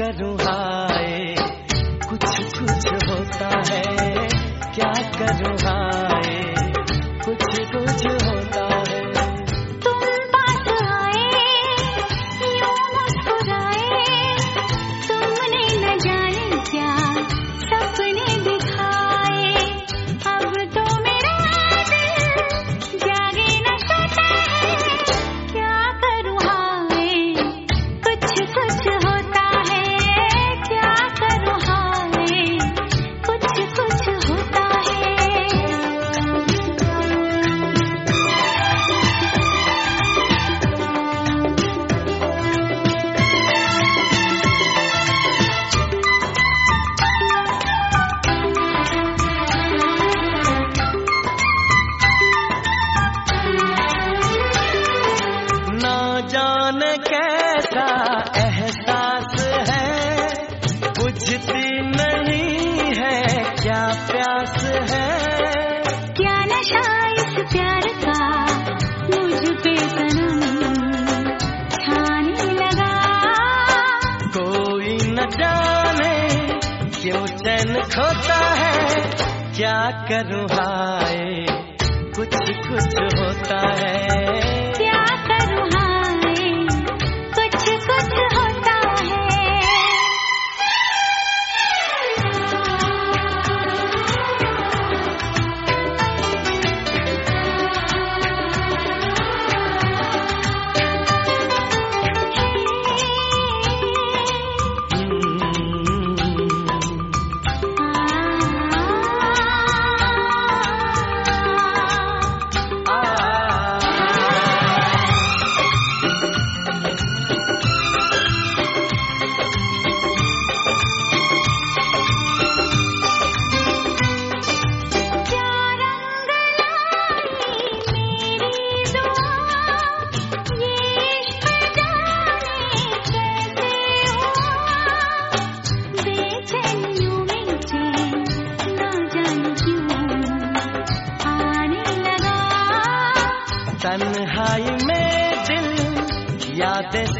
करूँ हाय कुछ कुछ होता है क्या करूँ हाय करूँ हाय कुछ कुछ होता है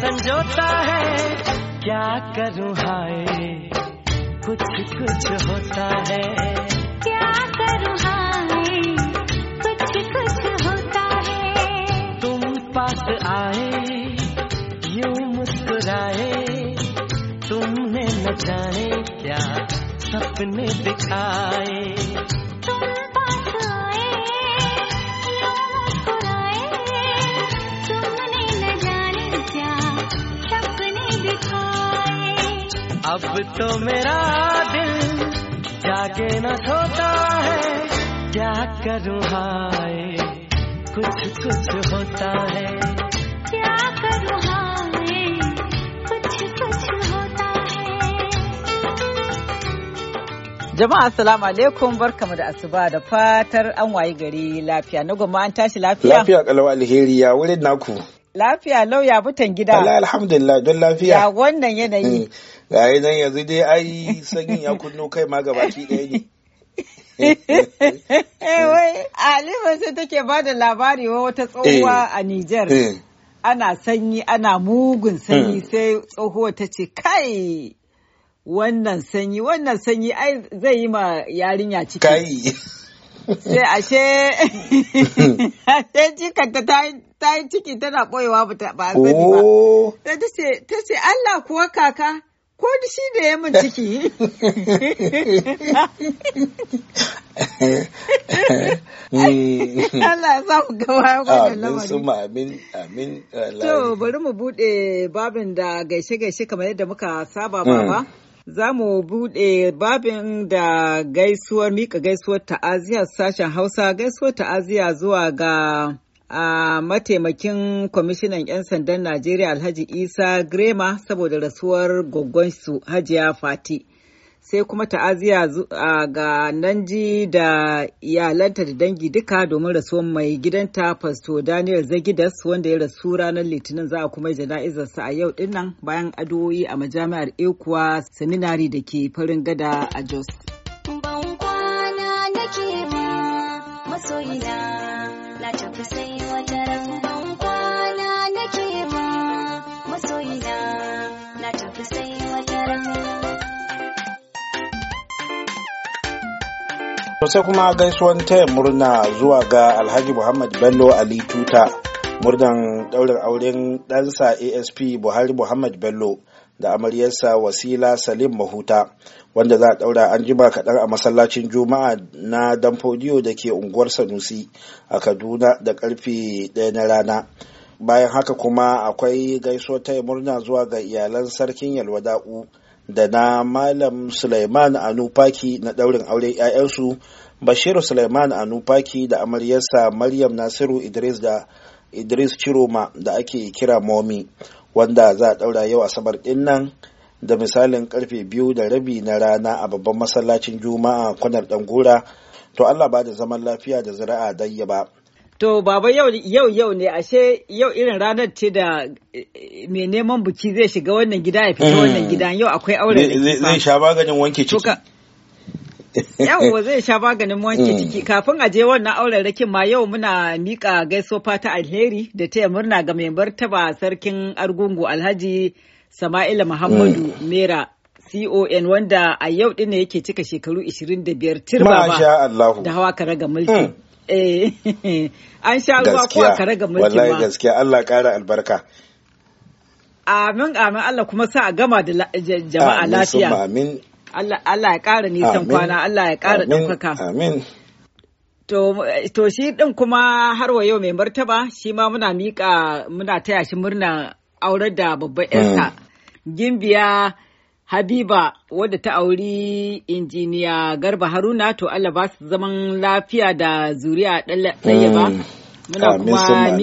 संजोता है क्या करूं हाय कुछ कुछ होता है क्या करूं हाय कुछ कुछ होता है तुम पास आए यूं मुस्कुराए तुमने न जाने क्या सपने दिखाए अब तो मेरा दिल जागे न सोता है क्या करूँ हाय कुछ कुछ होता है क्या करूँ हाय कुछ कुछ होता है jama'a assalamu alaikum barkamu da asuba da fatar an wayi gari lafiya na goma an tashi lafiya lafiya kalwa alheri ya wurin naku Lafiya lauya butan gida. Allah alhamdulillah don lafiya. Ya wannan yanayi. Hmm. Ga yi nan yanzu dai ai sanyin ya kunno kai ma gabaki ɗaya ne. Eh, wai, Alima sai take ba da labari wa wata tsohuwa eh. a Nijar. Eh. Ana sanyi, ana mugun sanyi hmm. sai tsohuwa ta ce, kai wannan sanyi, wannan sanyi ai zai yi ma yarinya ciki. Kai. Sai ashe, Sai jikanta ta yi ciki tana ɓoyewa ba ta ba. Oh. Ta ce, Allah kuwa kaka, ko da shi da ya mun ciki. Mm. Allah ya sa mu gawa wannan lamari. Amin, amin, amin. To, bari mu buɗe babin da gaishe-gaishe kamar yadda muka saba mm. ba ba. za mu buɗe babin da gaisuwar mika gaisuwar ta'aziyar sashen hausa gaisuwar ta'aziya zuwa ga a mataimakin kwamishinan 'yan sandan najeriya alhaji isa grema saboda rasuwar su hajiya fati sai kuma ta'aziyya ga Nanji da iyalanta da dangi duka domin rasuwar mai gidanta Fasto Daniel Zagidas wanda ya rasu ranar Litinin za a kuma jana'izarsa a yau dinnan bayan addu'o'i a majami'ar Ekuwa Seminari da ke farin gada a Jos. Ban sai To sai kuma gaisuwan taya murna zuwa ga Alhaji Muhammad Bello Ali Tuta, murnan ɗaurin auren ɗansa ASP Buhari Muhammad Bello da amaryarsa Wasila Salim Mahuta, wanda za a ɗaura an jima kaɗan a masallacin Juma'a na Danfodiyo da ke unguwar Sanusi a Kaduna da ƙarfe ɗaya na rana. Bayan haka kuma akwai gaisuwar taya murna zuwa ga iyalan sarkin Yalwa Da'u. da na malam suleiman anupaki na daurin auren 'ya'yansu bashiru suleiman anupaki da amaryarsa maryam nasiru idris da idris ciroma da ake kira momi wanda za a daura yau asabar din nan da misalin karfe biyu da rabi na rana a babban masallacin juma'a kwanar dangura to allah ba da zaman lafiya da zira'a dayyaba ba To baba yau yau yau ne ashe yau irin ranar ce da eh, eh, mai neman buki zai shiga wannan gida ya fita wannan mm. gida yau akwai aure da zai sha maganin wanke ciki. Yau zai sha maganin wanke ciki kafin a je wannan auren rakin ma yau muna mika gaisofa fata alheri da taya murna ga mai martaba sarkin argungu alhaji Sama'ila Muhammadu mm. Mera CON wanda a yau ɗin ne yake cika shekaru 25 tirba ba da hawa kare ga mulki. Mm. Eh, an sha ruwa kuwa kare ga mulki wallahi gaskiya Allah kara albarka amin amin Allah kuma sa a gama da jama'a lafiya amin Allah ya ƙara nisan kwana Allah ya ƙara ɗaukaka amin To, shi ɗin kuma har wa yau mai martaba shi ma muna miƙa muna taya shi murna aurar da babban 'yarsa. Mm. Gimbiya Habiba wadda ta auri injiniya Garba Haruna to Allah ba su zaman lafiya da zuriya ɗaya ba. Mm. Muna kuma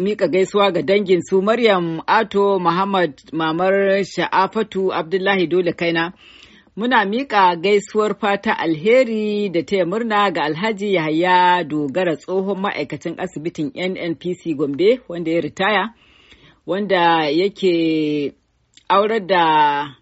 mika gaisuwa ga dangin su Maryam Ato Muhammad Mamar Sha'afatu Abdullahi Dole Kaina. Muna mika gaisuwar fata alheri da taya murna ga Alhaji Yahaya Dogara tsohon ma'aikacin asibitin NNPC Gombe wanda ya ritaya, wanda yake aurar da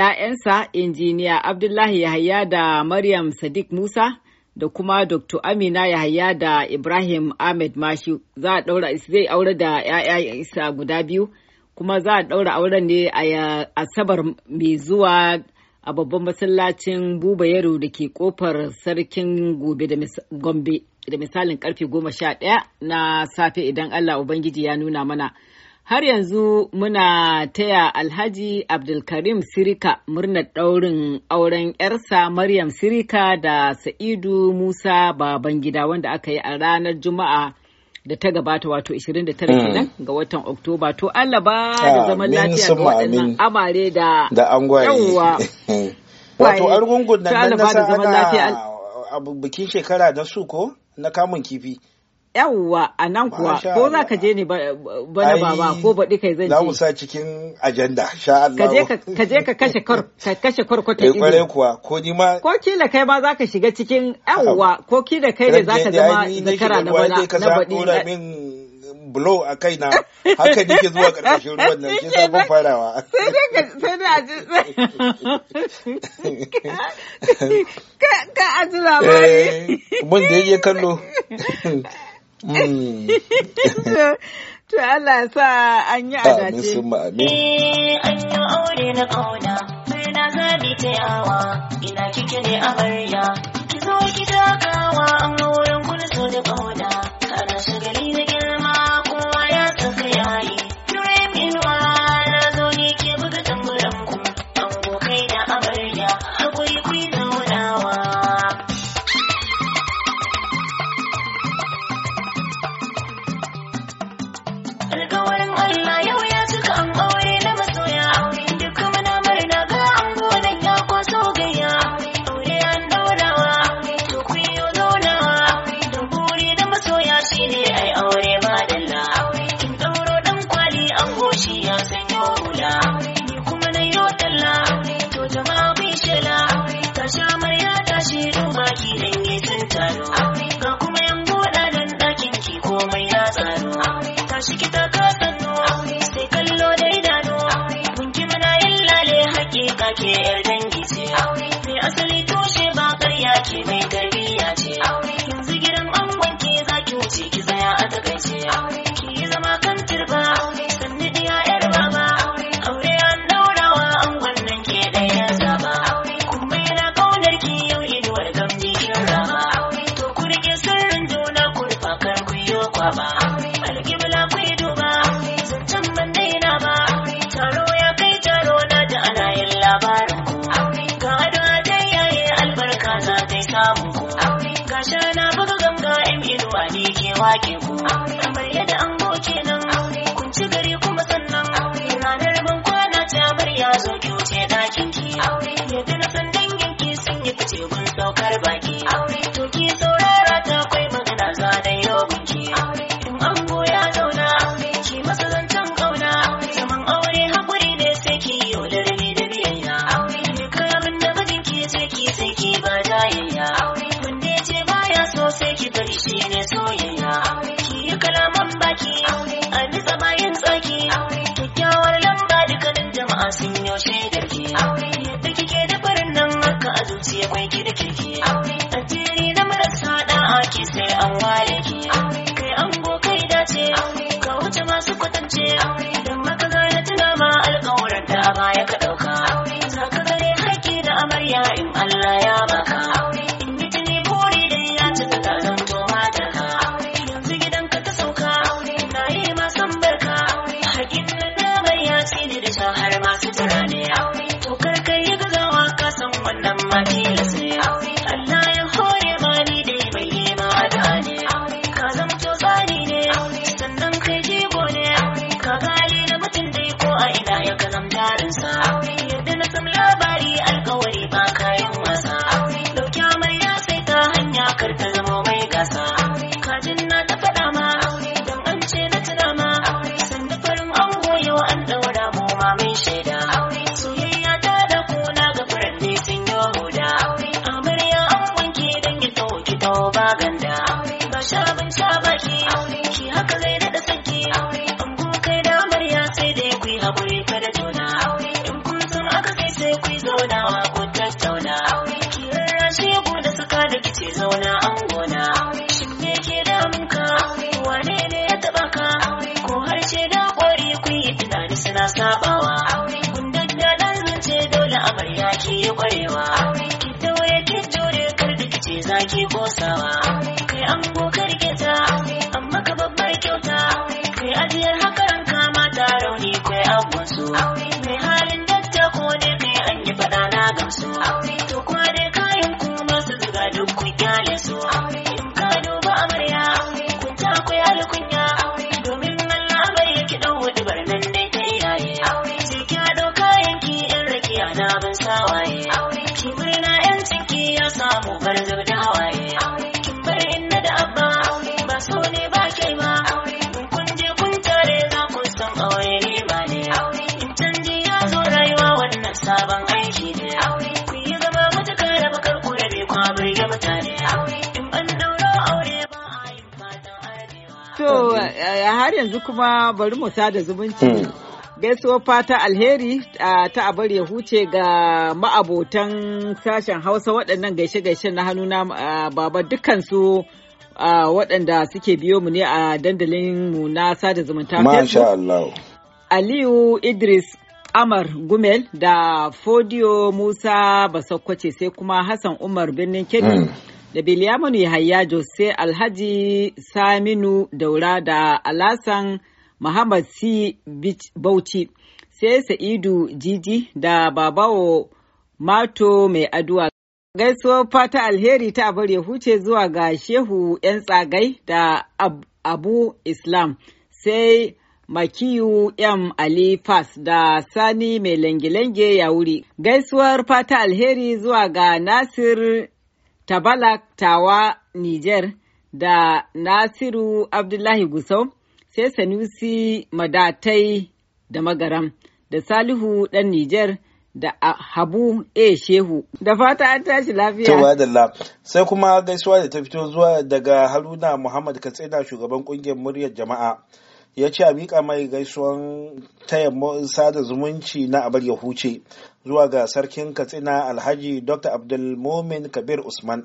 ‘ya'yansa injiniya Abdullahi Yahaya da Maryam Sadiq Musa da kuma Dr. Amina Yahaya da Ibrahim Ahmed Mashu za a ɗaura zai aure da ‘ya'ya isa guda biyu kuma za a ɗaura auren ne a asabar mai zuwa a babban masallacin Buba Yaro da ke kofar sarkin gobe da Gombe da misalin karfe goma sha ɗaya na safe idan Allah Ubangiji ya nuna mana. Har yanzu muna taya Alhaji Abdulkarim Sirika murnar ɗaurin auren ‘yarsa Maryam Sirika da Sa'idu Musa Babangida wanda aka yi a ranar Juma'a da ta gabata wato 29 mm. kenan ga watan Oktoba. To Allah ba da zaman lafiya ga waɗannan amare da yawwa. Wato argungun nan na sa ana bikin shekara na su ko na kamun kifi. yawwa a nan kuwa ko za ka je ne bana baba ko baɗi kai zan je. Za mu sa cikin ajanda sha Allah. Ka je ka kashe kar ka kashe kwarkwata eh, ido. Kwarai kuwa ko ni ma. Ko ki da kai ma za ka shiga cikin yawwa ko ki da kai ne za ka zama zakara na bana na baɗi. blow a kai na haka nike zuwa karkashin ruwan nan shi sabon farawa sai dai a ji ka a ji labari eh, mun da yake kallo To Allah sa an yi adace. Amin eh, an yi aure na ƙauna, birna zabi ta yawa, ina kike ne amarya. Ki zo ki takawa an wurin gulzo da ƙauna. zaunawa ku tattauna kin rashe ku da suka da kice zauna an gona Aure me ke damun ka wane ne ya taba ka ko harshe da kwari kun yi tunani suna sabawa kun dan zance dole amarya ke kwarewa har yanzu kuma bari mu sada zumunci. Hmm. Gaisuwar fata alheri ta abar ya huce ga ma'abotan sashen Hausa waɗannan gaishe-gaishe na hannu na baba dukansu waɗanda suke biyo mu ne a dandalin mu na sada zumunta. Aliyu Idris Amar Gumel da fodiyo Musa Basakwace sai kuma Hassan Umar Birnin Kebbi. Hmm. da Bilyaminu Yahaya sai Alhaji Saminu Daura da Alasan Muhammad C. Bauchi sai Sa'idu Jiji da Babawo Mato Mai Aduwa. Gaisuwar fata alheri ta bari huce zuwa ga Shehu 'yan tsagai da Abu Islam sai Makiyu M. Ali Fas da Sani mai lange-lange ya wuri. Gaisuwar fata alheri zuwa ga Nasir Tabalak Tawa Niger da Nasiru Abdullahi Gusau sai Sanusi Madatai da Magaram da Salihu ɗan Nijar da Habu E Shehu. Da fata an tashi lafiya. Tawa da Sai kuma gaisuwa da ta fito zuwa daga Haruna Muhammad Katsina shugaban kungiyar muryar jama'a. ya ce a miƙa mai gaisuwan taya sada zumunci na abar ya huce zuwa ga sarkin katsina alhaji dr abdulmumin kabir usman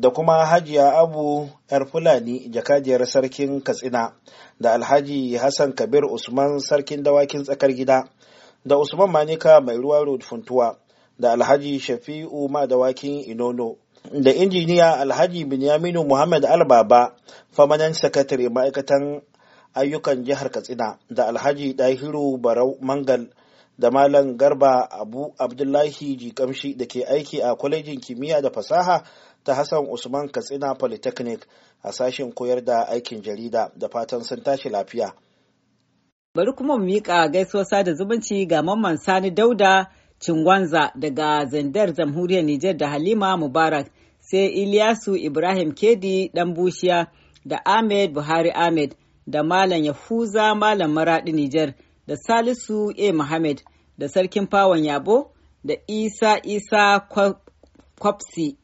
da kuma hajiya abu yar fulani jakadiyar sarkin katsina da alhaji hassan kabir usman sarkin dawakin tsakar gida da usman manika mai ruwa road funtuwa da alhaji shafi'u ma dawakin inono da injiniya alhaji binyaminu muhammad albaba famanan sakatare ma'aikatan ayyukan jihar katsina da alhaji dahiru barau mangal da malam garba abu abdullahi jikamshi da ke aiki a kwalejin kimiyya da fasaha ta hassan usman katsina polytechnic a sashen koyar da aikin jarida da fatan sun tashi lafiya bari kuma mu miƙa gaisuwar da zumunci ga mamman sani dauda cingwanza daga zandar jamhuriyar nijar da halima mubarak sai iliyasu ibrahim kedi dan bushiya da ahmed buhari ahmed da malam yahuza malam maradi nijar da Salisu A. Muhammad da Sarkin Fawon Yabo da Isa Isa Kwapsi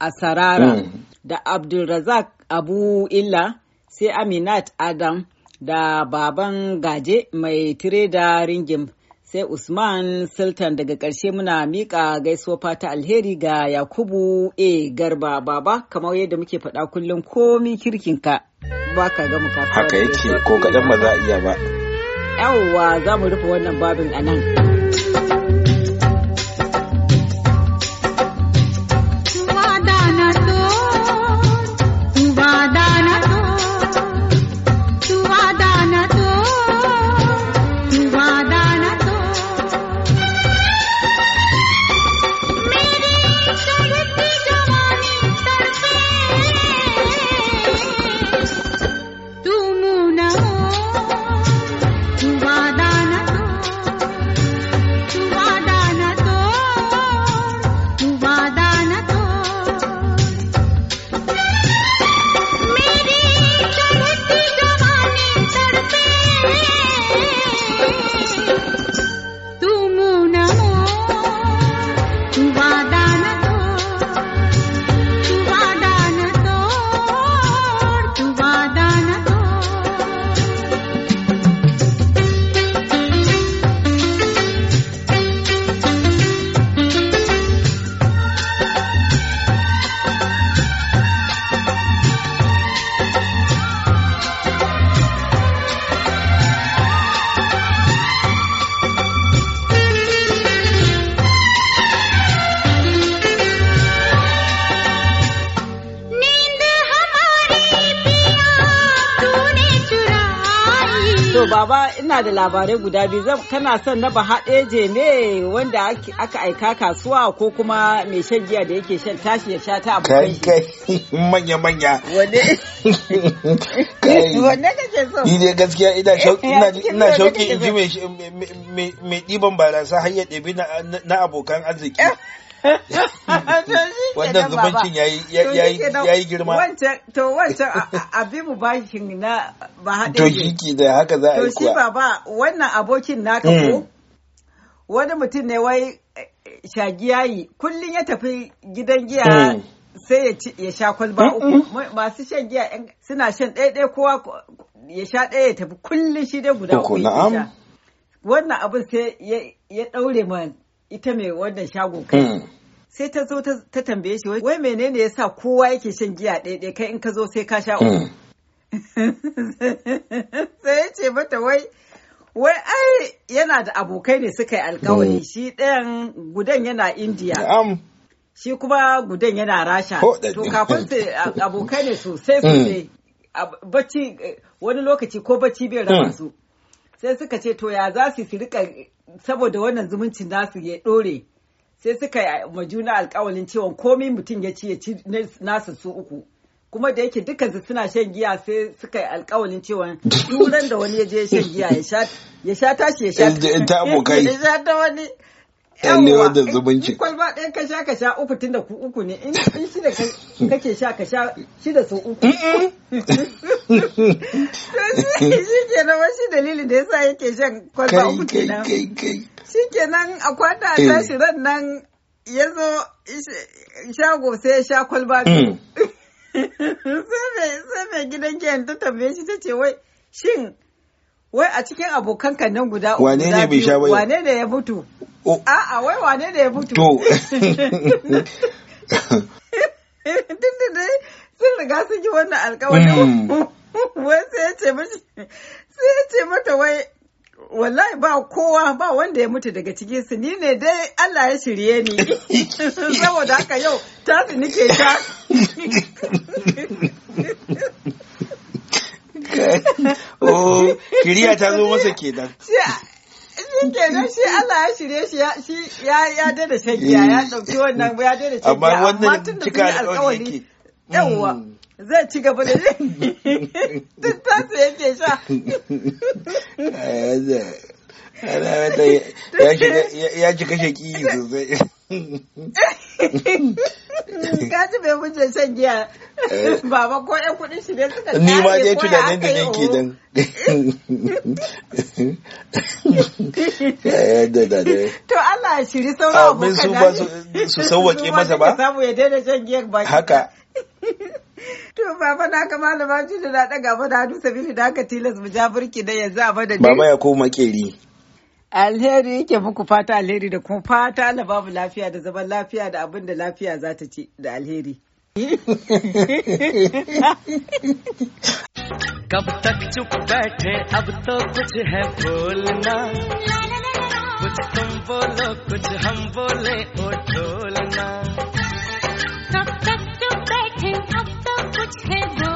a Sarara mm. da Abdulrazak Abu Illa sai Aminat Adam da Baban Gaje mai tireda ringim sai Usman Sultan daga ƙarshe muna miƙa gaisuwa fata alheri ga Yakubu A. Garba Baba kamar yadda muke faɗa kullum komi kirkinka ga mu Haka yake ko kaɗan ba za a iya ba. yawwa za mu rufe wannan babin a nan. baba ina da labarai guda biyu zan kana son na bahaɗeje ne wanda aka aika kasuwa ko kuma mai shan giya da yake shan tashi ya sha ta abokan shi. manya manya. Wane? Wane kake so? Ni dai gaskiya ina eh, shauki ina shauki in ji mai ɗiban barasa har ya na abokan arziki. Eh, wannan zumuncin ya yi girma to wancan abin mu bashin na ba haɗe to shi da haka za a yi kuwa to shi baba wannan abokin naka mm. ko wani mutum ne wai eh, yi kullum ya tafi gidan giya mm. sai ya sha kwalba uku masu shan giya suna shan ɗaya kowa ya sha ɗaya ya tafi kullum shi dai guda uku ya sha wannan abin sai ya ɗaure man ita mai wannan shagon kai. Hmm. Sai ta zo ta tambaye shi wai menene yasa kowa yake shan giya ɗaya kai in ka zo sai ka sha uku. Hmm. Sai ya ce mata wai wai ai yana da abokai ne suka yi alkawari hmm. shi ɗayan gudan yana Indiya. Shi kuma gudan yana Rasha. To kafin su abokai ne sosai sosai. Bacci eh, wani lokaci ko bacci bai raba su. sai suka ce to ya za su su rika saboda wannan zumuncin nasu ya ɗore, sai suka yi ma juna alkawalin cewa komai mutum ya ci ya ci nasu su uku kuma da yake dukkan su suna shan giya sai suka yi alkawalin cewa turan da wani ya je shan giya ya sha tashi ya sha ta abokai ya sha ta wani ne da zumunci in kwalba ɗayan ka sha ka sha uku tun da ku uku ne in shi da kake sha ka sha shi da su uku shi ke nan wasu dalilin da yasa yake shan kwalba uku ke nan. shi ke nan a kwata a eh. tashi ran nan ya zo shago sai ya sha kwalba biyu mm. sai mai gidan giyan ta tambaye shi ta ce wai shin wai a cikin abokan nan guda uku wane ne bai sha bai wane ne ya mutu A'a wai wane ne ya mutu? To. Tun da dai sun riga sun yi wannan alkawarin. Mm. Wai sai ya ce mishi sai ya ce mata wai wallahi ba kowa ba wanda ya mutu daga cikin su ni ne dai Allah ya shirye ni saboda haka yau tasu nike ta Oh, kiriya ta zo masa kenan. shi kenan shi Allah ya shirye shi ya shi ya ya dada shagiya ya dauki mm. wannan ya dada shagiya amma wannan cika alƙawari yake yawwa mm. zai ci gaba da duk tasu yake sha ya shiga ya shiga sosai Kaji bai wuce shan giya eh. baba ko yan kudin shi ne suka Ni ma dai tunanin da nake dan. Eh, to Allah ya shiri sauran ah, abokan su ba su sauwaƙe masa ba. Samu ya daina shan giya ba. Haka. To baba na kama da ba malama da na ɗaga ba da hannu sabili da haka tilas mu ja burki da yanzu a madadin. Baba ya koma keri Alheri yake muku fata alheri da kuma fata la babu lafiya da zaman lafiya da abin da lafiya za ta ci da alheri. कब तक चुप बैठे अब तो कुछ है बोलना कुछ तुम बोलो कुछ हम बोले ओ ढोलना कब तक चुप बैठे अब तो कुछ है बोलना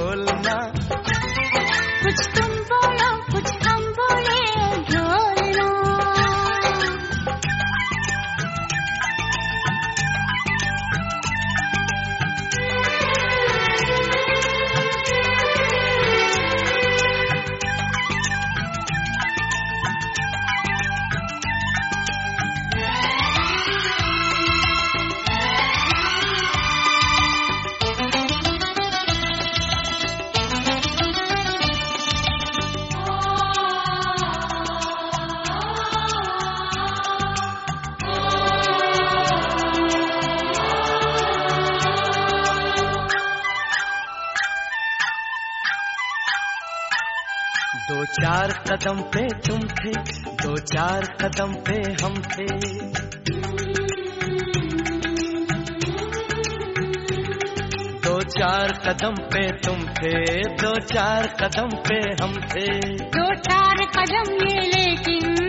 कदम पे तुम थे दो चार कदम पे हम थे दो चार कदम पे तुम थे दो चार कदम पे हम थे दो चार कदम ये लेकिन